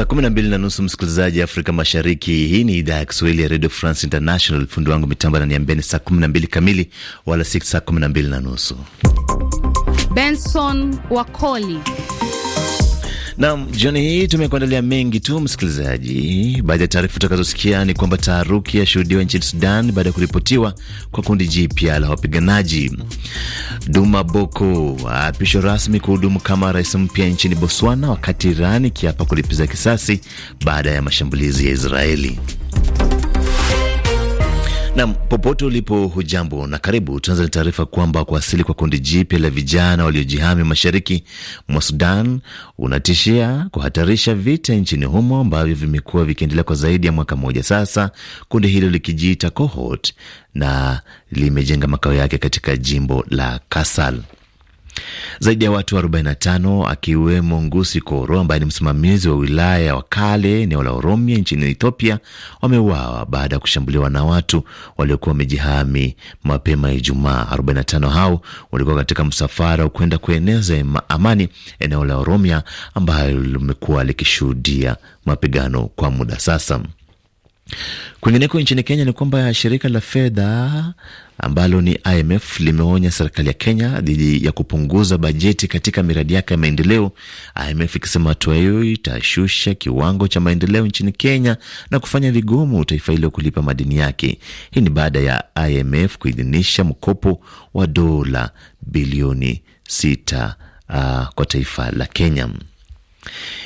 Saa kumi na mbili na nusu msikilizaji Afrika Mashariki. Hii ni idhaa ya Kiswahili ya Radio France International. Fundi wangu mitambo ananiambia ni saa kumi na mbili kamili, wala si saa kumi na mbili na nusu. Benson Wakoli Naam, jioni hii tumekuandalia mengi tu msikilizaji. Baadhi ya taarifa utakazosikia ni kwamba taharuki yashuhudiwa nchini Sudan baada ya kuripotiwa kwa kundi jipya la wapiganaji. Duma Boko aapishwa rasmi kuhudumu kama rais mpya nchini Botswana, wakati Iran ikiapa kulipiza kisasi baada ya mashambulizi ya Israeli. Nam, popote ulipo, hujambo na karibu. Tuanza na taarifa kwamba kuwasili kwa kundi jipya la vijana waliojihami mashariki mwa Sudan unatishia kuhatarisha vita nchini humo ambavyo vimekuwa vikiendelea kwa zaidi ya mwaka mmoja sasa, kundi hilo likijiita Cohort na limejenga makao yake katika jimbo la Kasal. Zaidi ya watu 45 akiwemo Ngusi Koro ambaye ni msimamizi wa wilaya wa Kale eneo la Oromia nchini Ethiopia wameuawa baada ya kushambuliwa na watu waliokuwa wamejihami mapema Ijumaa. 45 hao walikuwa katika msafara wa kwenda kueneza amani eneo la Oromia ambayo limekuwa likishuhudia mapigano kwa muda sasa. Kwingineko nchini Kenya ni kwamba shirika la fedha ambalo ni IMF limeonya serikali ya Kenya dhidi ya kupunguza bajeti katika miradi yake ya maendeleo, IMF ikisema hatua hiyo itashusha kiwango cha maendeleo nchini Kenya na kufanya vigumu taifa hilo kulipa madeni yake. Hii ni baada ya IMF kuidhinisha mkopo wa dola bilioni sita uh, kwa taifa la Kenya.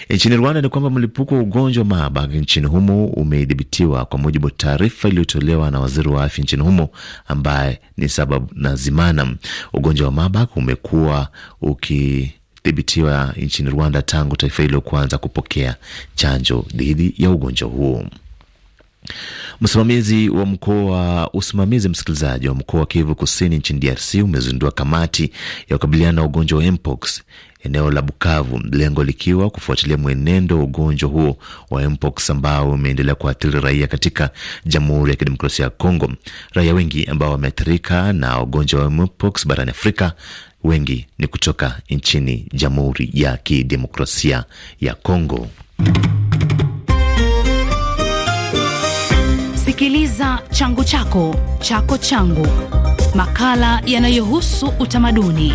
E, nchini Rwanda ni kwamba mlipuko wa ugonjwa wa Marburg nchini humo umedhibitiwa kwa mujibu wa taarifa iliyotolewa na waziri wa afya nchini humo ambaye ni sababu na zimana Ugonjwa wa Marburg umekuwa ukidhibitiwa nchini Rwanda tangu taifa hilo kuanza kupokea chanjo dhidi ya ugonjwa huo. Msimamizi wa mkoa usimamizi msikilizaji wa mkoa wa Kivu Kusini nchini DRC umezindua kamati ya kukabiliana na ugonjwa wa mpox eneo la Bukavu, lengo likiwa kufuatilia mwenendo wa ugonjwa huo wa mpox ambao umeendelea kuathiri raia katika Jamhuri ya Kidemokrasia ya Kongo. Raia wengi ambao wameathirika na ugonjwa wa mpox barani Afrika wengi ni kutoka nchini Jamhuri ya Kidemokrasia ya Kongo. Sikiliza changu chako chako changu, makala yanayohusu utamaduni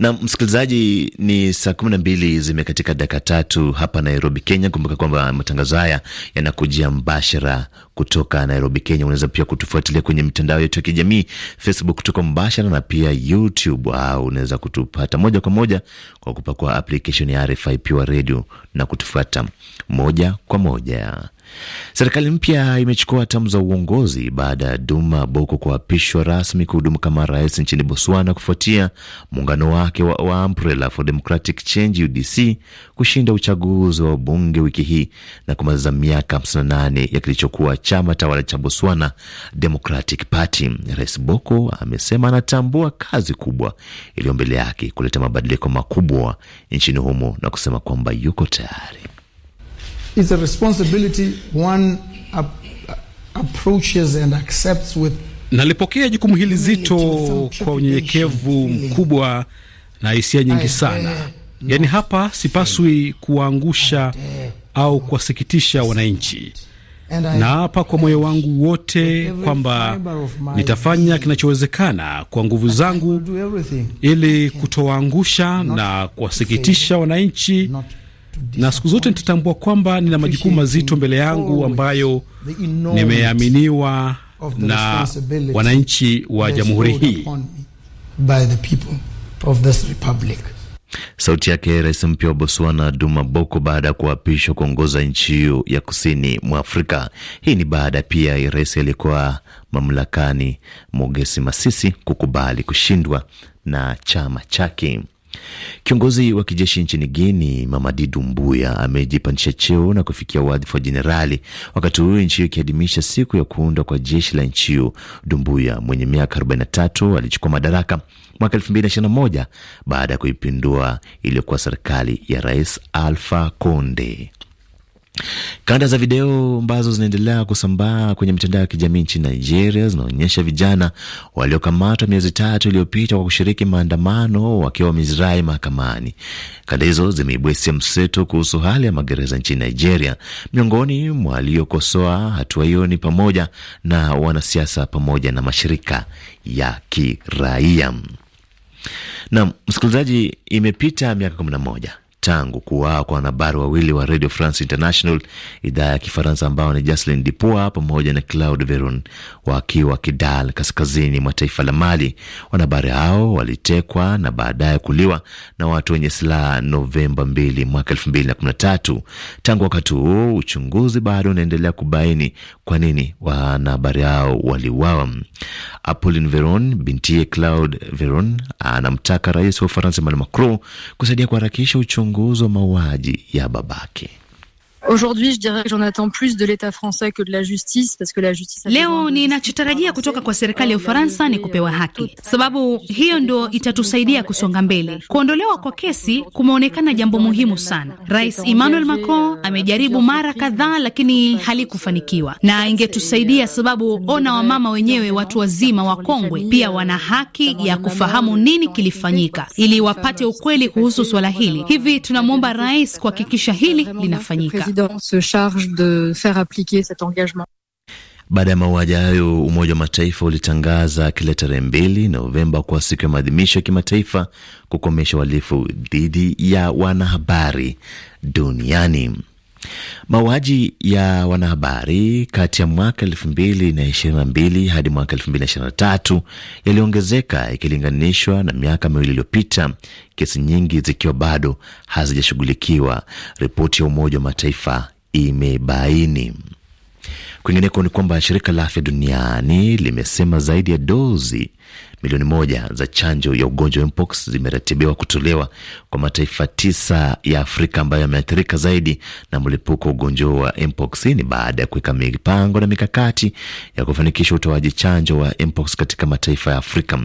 Na msikilizaji, ni saa kumi na mbili zimekatika dakika tatu hapa Nairobi, Kenya. Kumbuka kwamba matangazo haya yanakujia mbashara kutoka Nairobi, Kenya. Unaweza pia kutufuatilia kwenye mitandao yetu ya kijamii, Facebook tuko mbashara na pia YouTube, au unaweza kutupata moja kwa moja kwa kupakua application ya RFI Pure Radio na kutufuata moja kwa moja. Serikali mpya imechukua hatamu za uongozi baada ya Duma Boko kuapishwa rasmi kuhudumu kama rais nchini Botswana kufuatia muungano wake wa, wa Umbrella for Democratic Change UDC kushinda uchaguzi wa bunge wiki hii na kumaliza miaka 58 ya kilichokuwa chama tawala cha Botswana Democratic Party. Rais Boko amesema anatambua kazi kubwa iliyo mbele yake kuleta mabadiliko makubwa nchini humo na kusema kwamba yuko tayari. It's a responsibility one ap approaches and accepts with. Nalipokea jukumu hili zito kwa unyenyekevu mkubwa na hisia nyingi sana. Yaani hapa sipaswi kuwaangusha au kuwasikitisha wananchi. na hapa kwa moyo wangu wote kwamba nitafanya kinachowezekana kwa nguvu zangu ili kutowaangusha na kuwasikitisha wananchi na siku zote nitatambua kwamba nina majukumu mazito mbele yangu ambayo nimeaminiwa na wananchi wa jamhuri hii. Sauti yake rais mpya wa Botswana Duma Boko baada ya kuapishwa kuongoza nchi hiyo ya kusini mwa Afrika. Hii ni baada pia ya rais aliyekuwa mamlakani Mogesi Masisi kukubali kushindwa na chama chake. Kiongozi wa kijeshi nchini Guini, mamadi dumbuya amejipandisha cheo na kufikia wadhifa wa jenerali, wakati huyo nchi hiyo ikiadhimisha siku ya kuundwa kwa jeshi la nchi hiyo. Dumbuya mwenye miaka 43 alichukua madaraka mwaka 2021 baada ya kuipindua iliyokuwa serikali ya Rais alfa Conde. Kanda za video ambazo zinaendelea kusambaa kwenye mitandao ya kijamii nchini Nigeria zinaonyesha vijana waliokamatwa miezi tatu iliyopita kwa kushiriki maandamano wakiwa wamezirai mahakamani. Kanda hizo zimeibua hisia mseto kuhusu hali ya magereza nchini Nigeria. Miongoni mwa waliokosoa hatua hiyo ni pamoja na wanasiasa pamoja na mashirika ya kiraia. Na msikilizaji, imepita miaka kumi na moja tangu kuuawa kwa wanahabari wawili wa Radio France International idhaa ya Kifaransa ambao ni Jaslin Dipua pamoja na Claude Veron wakiwa Kidal, kaskazini mwa taifa la Mali. Wanahabari hao walitekwa na baadaye kuliwa na watu wenye silaha Novemba 2 mwaka 2013. Tangu wakati huo uchunguzi bado unaendelea kubaini kwa nini wanahabari hao waliuawa. Apollin Veron, bintiye Claude Veron, anamtaka rais wa Ufaransa Emmanuel Macron kusaidia kuharakisha uchunguzi wa mauaji ya babake. Aujourd'hui, je dirais que j'en attends plus de l'État français que de la justice parce que la justice. Leo ninachotarajia kutoka kwa serikali ya Ufaransa ni kupewa haki, sababu hiyo ndio itatusaidia kusonga mbele. Kuondolewa kwa kesi kumeonekana jambo muhimu sana. Rais Emmanuel Macron amejaribu mara kadhaa, lakini halikufanikiwa, na ingetusaidia sababu, ona wamama wenyewe, watu wazima wakongwe, pia wana haki ya kufahamu nini kilifanyika, ili wapate ukweli kuhusu swala hili. Hivi tunamwomba rais kuhakikisha hili linafanyika président se charge de faire appliquer cet engagement. Baada ya mauaji hayo, Umoja wa Mataifa ulitangaza kila tarehe mbili Novemba kuwa siku ya maadhimisho ya kimataifa kukomesha uhalifu dhidi ya wanahabari duniani. Mauaji ya wanahabari kati ya mwaka elfu mbili na ishirini na mbili hadi mwaka elfu mbili na ishirini na tatu yaliongezeka ikilinganishwa na miaka miwili iliyopita, kesi nyingi zikiwa bado hazijashughulikiwa, ripoti ya Umoja wa Mataifa imebaini. Kwingineko ni kwamba shirika la afya duniani limesema zaidi ya dozi milioni moja za chanjo ya ugonjwa wa mpox zimeratibiwa kutolewa kwa mataifa tisa ya Afrika ambayo yameathirika zaidi na mlipuko wa ugonjwa wa mpox. Ni baada ya kuweka mipango na mikakati ya kufanikisha utoaji chanjo wa mpox katika mataifa ya Afrika.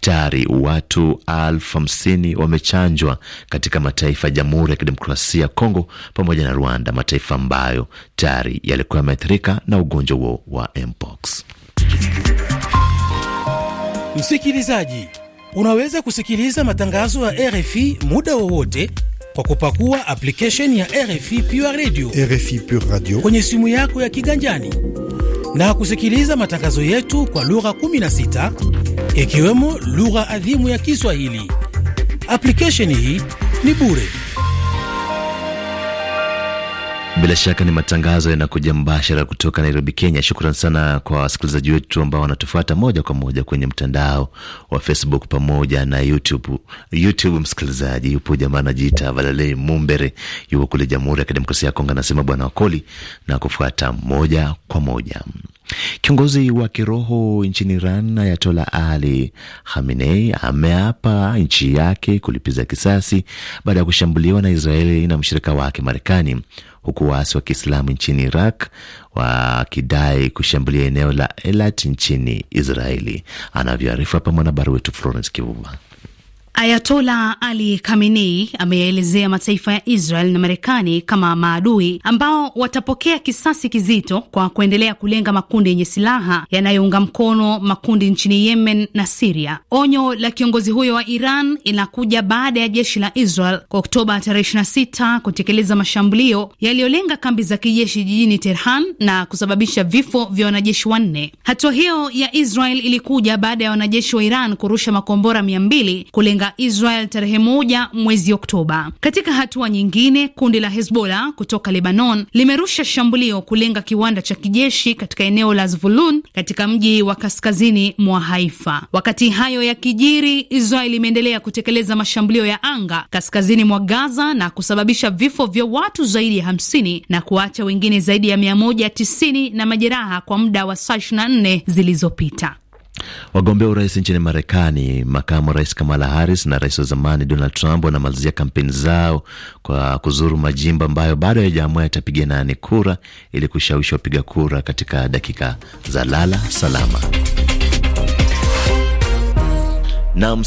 Tayari watu elfu hamsini wamechanjwa katika mataifa ya Jamhuri ya Kidemokrasia ya Kongo pamoja na Rwanda, mataifa ambayo tayari yalikuwa yameathirika na ugonjwa huo wa mpox. Msikilizaji, unaweza kusikiliza matangazo ya RFI muda wowote kwa kupakua application ya RFI Pure Radio, RFI Pure Radio kwenye simu yako ya kiganjani na kusikiliza matangazo yetu kwa lugha 16 ikiwemo lugha adhimu ya Kiswahili. Application hii ni bure. Bila shaka ni matangazo yanakuja mbashara kutoka Nairobi, Kenya. Shukran sana kwa wasikilizaji wetu ambao wanatufuata moja kwa moja kwenye mtandao wa Facebook pamoja na YouTube. YouTube msikilizaji yupo jamaa anajiita Valalei Mumbere, yuko kule Jamhuri ya Kidemokrasia ya Kongo, anasema bwana Wakoli na kufuata moja kwa moja Kiongozi wa kiroho nchini Iran Ayatola Ali Hamenei, ameapa nchi yake kulipiza kisasi baada ya kushambuliwa na Israeli na mshirika wake Marekani, huku waasi wa Kiislamu nchini Iraq wakidai kushambulia eneo la Elat nchini Israeli, anavyoarifu hapa mwanahabari wetu Florence Kivuva. Ayatola Ali Khamenei ameyaelezea mataifa ya Israel na Marekani kama maadui ambao watapokea kisasi kizito kwa kuendelea kulenga makundi yenye silaha yanayounga mkono makundi nchini Yemen na Siria. Onyo la kiongozi huyo wa Iran inakuja baada ya jeshi la Israel kwa Oktoba 26 kutekeleza mashambulio yaliyolenga kambi za kijeshi jijini Tehran na kusababisha vifo vya wanajeshi wanne. Hatua hiyo ya Israel ilikuja baada ya wanajeshi wa Iran kurusha makombora 2 kulenga za Israel tarehe moja mwezi Oktoba. Katika hatua nyingine, kundi la Hezbollah kutoka Lebanon limerusha shambulio kulenga kiwanda cha kijeshi katika eneo la Zvulun katika mji wa kaskazini mwa Haifa. Wakati hayo yakijiri, Israel imeendelea kutekeleza mashambulio ya anga kaskazini mwa Gaza na kusababisha vifo vya watu zaidi ya 50 na kuacha wengine zaidi ya 190 na majeraha kwa muda wa saa 24 zilizopita. Wagombea urais nchini Marekani, makamu rais Kamala Harris na rais wa zamani Donald Trump wanamalizia kampeni zao kwa kuzuru majimbo ambayo bado hayajaamua yatapiga nani kura ili kushawishi wapiga kura katika dakika za lala salama na